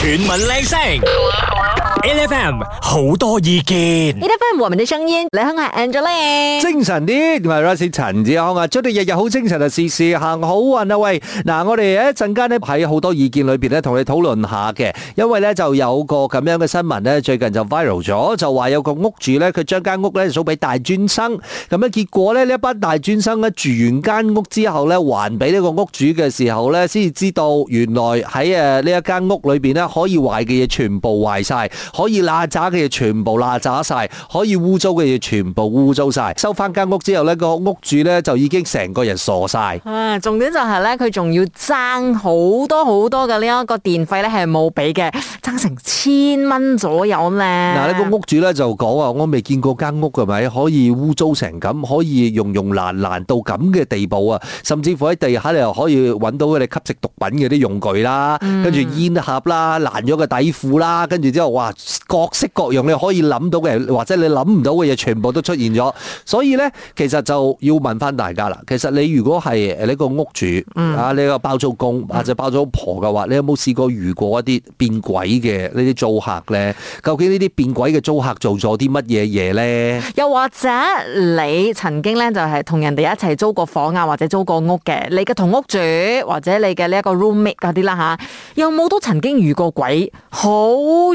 全民靚聲，L F M 好多意見，L F M 我們的聲音，你好啊 Angeline，精神啲同埋啦，是陳志康啊，祝你日日好精神啊，事事行好運啊！喂，嗱，我哋一陣間咧喺好多意見裏邊咧同你討論下嘅，因為咧就有個咁樣嘅新聞咧，最近就 viral 咗，就話有個屋主咧，佢將間屋咧租俾大專生，咁樣結果咧呢一班大專生咧住完間屋之後咧還俾呢個屋主嘅時候咧，先至知道原來喺誒呢一間屋裏邊咧。可以壞嘅嘢全部壞晒，可以邋遢嘅嘢全部邋遢晒，可以污糟嘅嘢全部污糟晒。收翻間屋之後咧，個屋主咧就已經成個人傻晒。唉，重點就係咧，佢仲要爭好多好多嘅呢一個電費咧，係冇俾嘅，爭成千蚊左右咧。嗱，呢個屋主咧就講啊，我未見過間屋係咪可以污糟成咁，可以溶溶爛爛到咁嘅地步啊？甚至乎喺地下你又可以揾到佢哋吸食毒品嘅啲用具啦，跟住煙盒啦。爛咗個底褲啦，跟住之後哇，各式各樣你可以諗到嘅，或者你諗唔到嘅嘢，全部都出現咗。所以呢，其實就要問翻大家啦。其實你如果係呢個屋主、嗯、啊，呢個包租公或者包租婆嘅話、嗯，你有冇試過遇過一啲變鬼嘅呢啲租客呢？究竟呢啲變鬼嘅租客做咗啲乜嘢嘢呢？又或者你曾經呢，就係同人哋一齊租過房啊，或者租過屋嘅，你嘅同屋主或者你嘅呢一個 roommate 嗰啲啦嚇，啊、有冇都曾經遇過？鬼好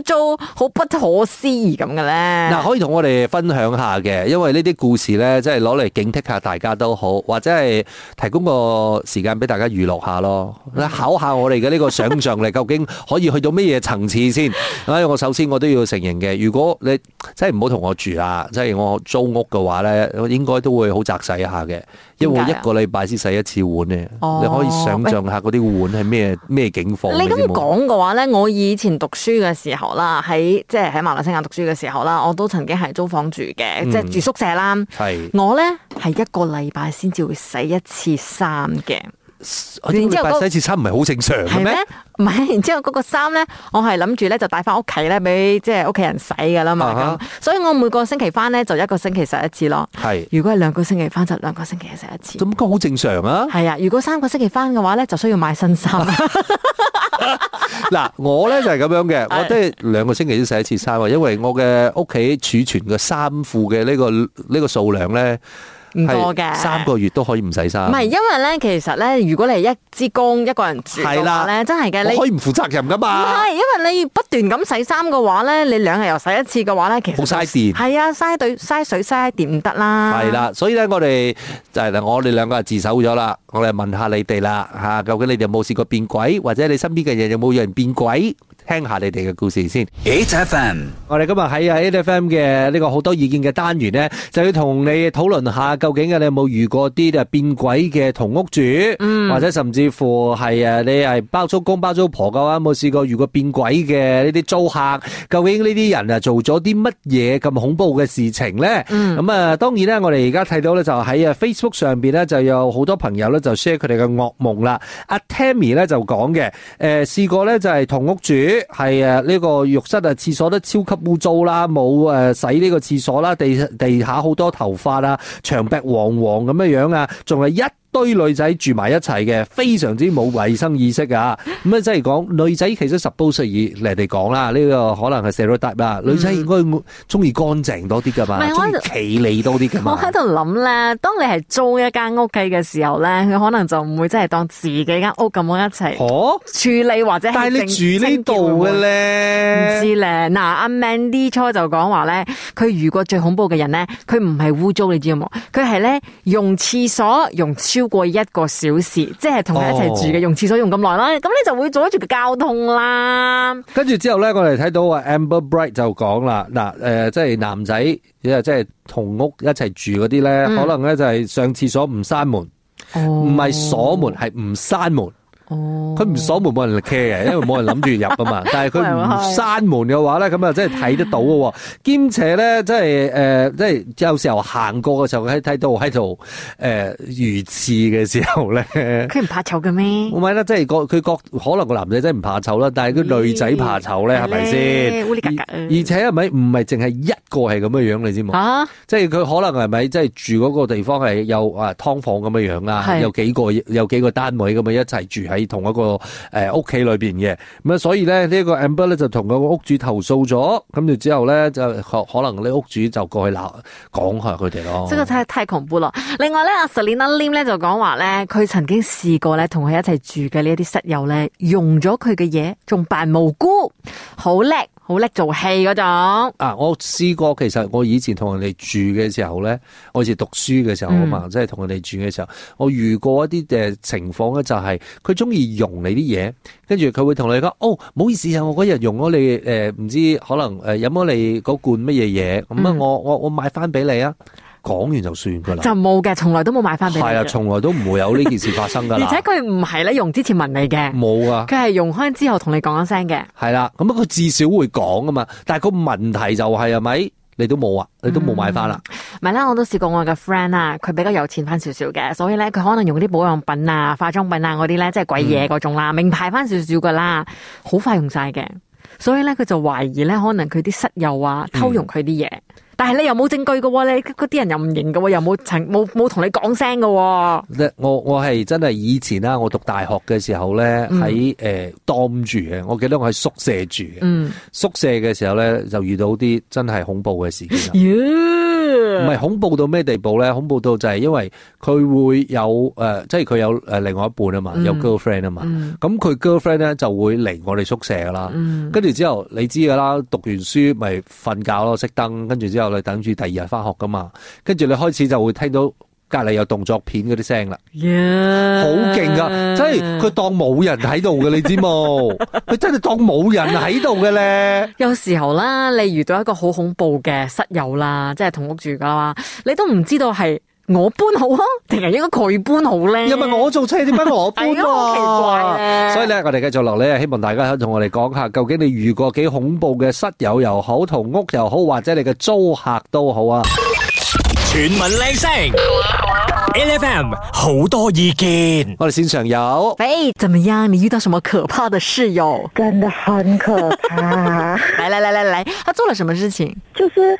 糟，好不可思議咁嘅咧，嗱，可以同我哋分享一下嘅。因為呢啲故事咧，即係攞嚟警惕下大家都好，或者係提供一個時間俾大家娛樂下咯，考一下我哋嘅呢個想象力， 究竟可以去到咩嘢層次先？我首先我都要承認嘅，如果你真係唔好同我住啊，即係我租屋嘅話咧，我應該都會好窄細一下嘅。會一個禮拜先洗一次碗咧、哦，你可以想象下嗰啲碗係咩咩境況。你咁講嘅話咧，我以前讀書嘅時候啦，喺即係喺馬來西亞讀書嘅時候啦，我都曾經係租房住嘅，即、嗯、係、即係、住宿舍啦。係我咧係一個禮拜先至會洗一次衫嘅。然之知洗一次衫唔係好正常係咩？唔係，然之後嗰個衫咧，我係諗住咧就帶翻屋企咧，俾即係屋企人洗噶啦嘛。Uh-huh. 所以我每個星期翻咧就一個星期洗一次咯。係，如果係兩個星期翻就兩個星期洗一次。咁都好正常啊。係啊，如果三個星期翻嘅話咧，就需要買新衫。嗱， 我咧就係、是、咁樣嘅，我都係兩個星期都洗一次衫啊，因為我嘅屋企儲存嘅衫褲嘅呢個呢、呢個數量咧。唔多嘅，三個月都可以唔洗衫。唔係，因為咧，其實咧，如果你一支公一個人住嘅咧，真係嘅，你可以唔負責任噶嘛。唔係，因為你不斷咁洗衫嘅話咧，你兩日又洗一次嘅話咧，其實好嘥電。係啊，嘥水，嘥水嘥電唔得啦。係啦，所以咧，我哋就係我哋兩個自首咗啦，我哋問下你哋啦吓，究竟你哋有冇試過變鬼，或者你身邊嘅嘢有冇有有人變鬼？聽下你哋嘅故事先。A T F M，我哋今日喺 A T F M 嘅呢個好多意見嘅單元呢，就要同你討論下，究竟啊你有冇遇過啲啊變鬼嘅同屋住，或者甚至乎係啊你係包租公包租婆嘅話，有冇試過遇過變鬼嘅呢啲租客？究竟呢啲人啊做咗啲乜嘢咁恐怖嘅事情呢？咁啊，當然呢，我哋而家睇到呢就喺啊 Facebook 上邊呢就有好多朋友呢就 share 佢哋嘅噩夢啦。阿 Tammy 呢就講嘅，誒，試過呢就係同屋住。係、欸、啊，呢個浴室啊，廁所都超級污糟啦，冇誒洗呢個廁所啦，地地下好多頭髮啊，牆壁黃黃咁樣樣啊，仲係一堆女仔住埋一齊嘅，非常之冇衛生意識啊！咁、就、啊、是，即係講女仔其實十多歲以嚟哋講啦，呢、這個可能係 stereotype 啦。女仔應該中意乾淨多啲噶嘛，中意企理多啲噶嘛。我喺度諗咧，當你係租一間屋企嘅時候咧，佢可能就唔會真係當自己間屋咁樣一齊。哦，處理或者。但係你住呢度嘅咧，唔知咧。嗱、啊，阿 Mandy 初就講話咧，佢如果最恐怖嘅人咧，佢唔係污糟，你知冇？佢係咧用廁所用超。超過一個小時，即係同佢一齊住嘅，用廁所用咁耐啦，咁、哦、你就會阻住個交通啦。跟住之後咧，我哋睇到阿 Amber Bright 就講啦，嗱，誒，即係男仔，即係同屋一齊住嗰啲咧，可能咧就係上廁所唔閂門，唔、哦、係鎖門，係唔閂門。哦，佢唔鎖門，冇人 care 嘅，因為冇人諗住入啊嘛。 但係佢唔閂門嘅話咧，咁 啊真係睇得到嘅。兼且咧，即係誒，即係有時候行過嘅時候，喺睇到喺度誒魚刺嘅時候咧，佢唔怕醜嘅咩？唔係啦，即係佢覺可能個男仔真係唔怕醜啦，但係個女仔怕醜咧，係咪先？格。而且係咪唔係淨係一個係咁嘅樣，你知冇？啊，即係佢可能係咪即係住嗰個地方係有啊劏房咁嘅樣啊？有幾個有幾個單位咁樣一齊住。喺同一個誒、呃、屋企裏邊嘅，咁啊所以咧呢、呢個 Amber 咧就同個屋主投訴咗，咁就之後咧就可可能呢屋主就過去鬧講下佢哋咯，即係個真係太恐怖咯。另外咧阿 Selina Lim 咧就講話咧，佢曾經試過咧同佢一齊住嘅呢一啲室友咧用咗佢嘅嘢，仲扮無辜，好叻！好叻做戲嗰種啊！我試過，其實我以前同人哋住嘅時候咧，我以前讀書嘅時候啊嘛、嗯，即係同人哋住嘅時候，我遇過一啲情況咧，就係佢中意用你啲嘢，跟住佢會同你講，哦，唔好意思啊，我嗰日用咗你誒，唔、呃、知可能誒飲咗你嗰罐乜嘢嘢，咁啊、嗯，我我我買翻俾你啊。講完就算噶啦，就冇嘅，從來都冇買翻俾你。係啊，從來都唔會有呢件事發生噶啦。 而且佢唔係咧用之前問你嘅，冇啊，佢係用開之後同你講一聲嘅。係啦，咁啊，佢至少會講㗎嘛。但係個問題就係係咪？你都冇啊，你都冇買翻啦。咪、嗯，係啦，我都試過我嘅 friend 啦，佢比較有錢翻少少嘅，所以咧佢可能用啲保養品啊、化妝品啊嗰啲咧，即係貴嘢嗰種啦、嗯，名牌翻少少噶啦，好快用晒嘅。所以咧佢就懷疑咧，可能佢啲室友啊偷用佢啲嘢。嗯但、哎、係你又冇證據㗎喎，嗰啲人又唔認㗎喎，又冇冇冇同你講聲㗎喎。我我係真係以前啦，我讀大學嘅時候咧，喺、嗯、誒、呃、當住嘅 dorm 住嘅，我記得我喺宿舍住嘅、嗯。宿舍嘅時候咧就遇到啲真係恐怖嘅事件。唔、yeah! 係恐怖到咩地步咧？恐怖到就係因為佢會有誒、呃，即係佢有誒另外一半啊嘛，有 girlfriend 啊嘛。咁、嗯、佢 girlfriend 呢就會嚟我哋宿舍㗎啦。跟、嗯、住之後你知㗎啦，讀完書咪瞓覺咯，熄燈，跟住之後。嚟等住第二日翻學噶嘛，跟住你開始就會聽到隔籬有動作片嗰啲聲啦，好勁呀，即係佢當冇人喺度嘅，你知冇？佢 真係當冇人喺度嘅咧。有時候啦，你遇到一個好恐怖嘅室友啦，即係同屋住噶啦，你都唔知道係。我搬好啊，定係應該佢搬好咧？又唔係我做車，點解我搬喎，啊？ 哎，好奇怪，所以咧，我哋繼續落咧，希望大家可以同我哋講下，究竟你遇過幾恐怖嘅室友又好，同屋又好，或者你嘅租客都好啊！全民靚聲 ，L F M，好多意見，我哋線上有。誒，怎麼樣？你遇到什麼可怕的室友？真的很可怕！ 來來來來來，他做了什麼事情？就是。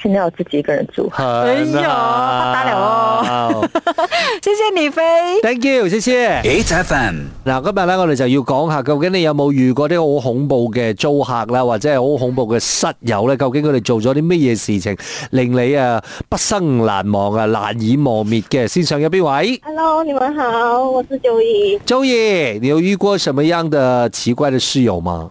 現在我自己一個人住，哎呦打好，發達了哦！ 謝謝你飛，Thank you，謝謝。誒，f 粉，嗱，今日呢，我哋就要講下，究竟你有冇遇過啲好恐怖嘅租客啦，或者係好恐怖嘅室友咧？究竟佢哋做咗啲乜嘢事情，令你啊不生難忘啊，難以磨滅嘅？先上有邊位。Hello，你們好，我是 Joey。Joey，你有遇過什麼樣的奇怪嘅室友嗎？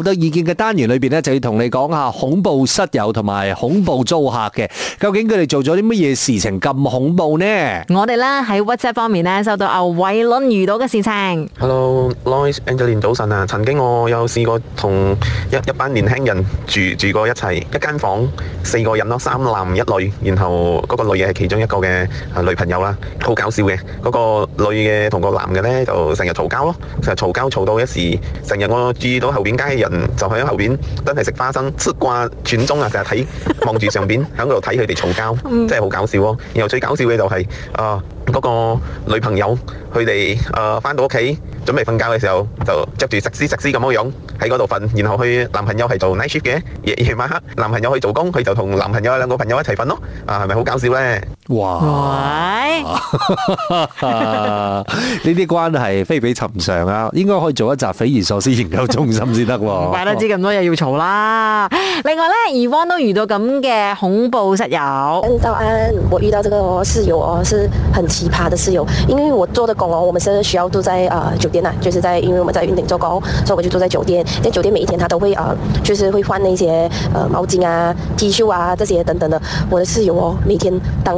好多意見嘅單元裏邊咧，就要同你講下恐怖室友同埋恐怖租客嘅。究竟佢哋做咗啲乜嘢事情咁恐怖呢？我哋咧喺 WhatsApp 方面咧收到牛偉倫遇到嘅事情。Hello，Luis Angeline，早晨啊！曾經我有試過同一一班年輕人住住過一齊一間房，四個人咯，三男一女，然後嗰個女嘅係其中一個嘅啊女朋友啦，好搞笑嘅。嗰個女嘅同個男嘅咧就成日嘈交咯，成日嘈交嘈到一時，成日我注意到後邊街入。嗯、就喺後邊真係食花生，出卦轉鐘啊，成日睇望住上邊，喺嗰度睇佢哋嘈交，真係好搞笑，哦。然後最搞笑嘅就係、是，啊、呃、嗰、那個女朋友佢哋返到屋企準備瞓覺嘅時候，就着住食絲食絲咁樣喺嗰度瞓。然後佢男朋友係做 night shift 嘅，夜夜晚黑男朋友去做工，佢就同男朋友兩個朋友一齊瞓咯。啊，係咪好搞笑咧？哇！呢啲 關係非比尋常啊，應該可以做一集匪夷所思研究中心先得喎。大家都知咁多嘢要嘈啦。另外呢，以往都遇到咁嘅恐怖室友。早安，我遇到呢個室友哦，是很奇葩的室友。因為我做的工哦，我們是需要住在酒店啊，就是在因為我們在雲頂做工，所以我就住在酒店。但酒店每一天他都會，就是會換那些毛巾啊、T 恤啊這些等等的。我的室友哦，每天當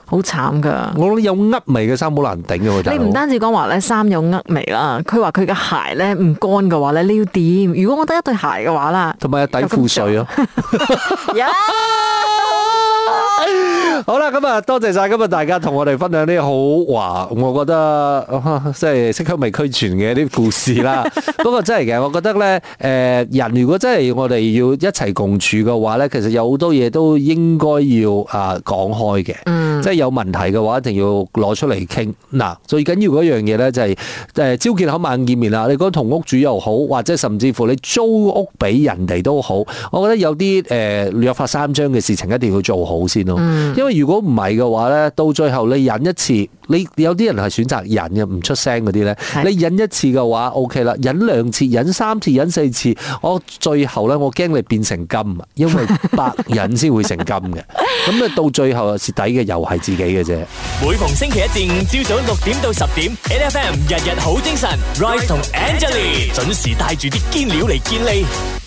好慘㗎！我有噏味嘅衫好難頂嘅，我你唔單止講話咧，衫有噏味啦，佢話佢嘅鞋咧唔乾嘅話咧，你要點？如果我得一對鞋嘅話啦，同埋有底褲稅啊！ yeah! 好啦，咁啊，多謝晒今日大家同我哋分享啲好哇，我覺得即係色香味俱全嘅一啲故事啦。 不過真係嘅，我覺得咧，誒、呃，人如果真係我哋要一齊共處嘅話咧，其實有好多嘢都應該要啊講開嘅、嗯。即係有問題嘅話，一定要攞出嚟傾。嗱，最緊要嗰樣嘢咧就係、是、誒、呃、朝見口晚見面啦。你講同屋主又好，或者甚至乎你租屋俾人哋都好，我覺得有啲誒約法三章嘅事情一定要做好先。嗯、因為如果唔係嘅話呢，到最後你忍一次，你有啲人係選擇忍嘅，唔出聲嗰啲呢，你忍一次嘅話，O K 啦，忍兩次，忍三次，忍四次，我最後呢，我驚你變成金，因為百忍先會成金嘅，咁 啊到最後底的又蝕底嘅，又係自己嘅啫。每逢星期一至五朝早六點到十點，N F M 日日好精神，Rise 同 Angelie 準時帶住啲堅料嚟見你。